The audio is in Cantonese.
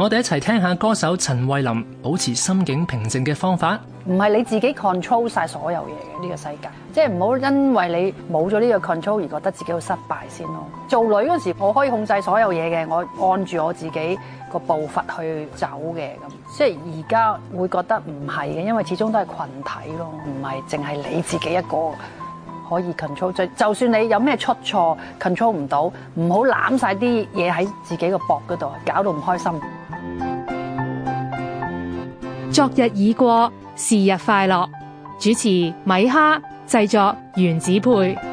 我哋一齊聽下歌手陳慧琳保持心境平靜嘅方法。唔係你自己 control 晒所有嘢嘅呢個世界，即係唔好因為你冇咗呢個 control 而覺得自己好失敗先咯。做女嗰時，我可以控制所有嘢嘅，我按住我自己個步伐去走嘅，咁即係而家會覺得唔係嘅，因為始終都係群體咯，唔係淨係你自己一個。可以 control 就算你有咩出錯，control 唔到，唔好攬晒啲嘢喺自己個膊嗰度搞到唔開心。昨日已過，是日快樂。主持米哈，製作原子配。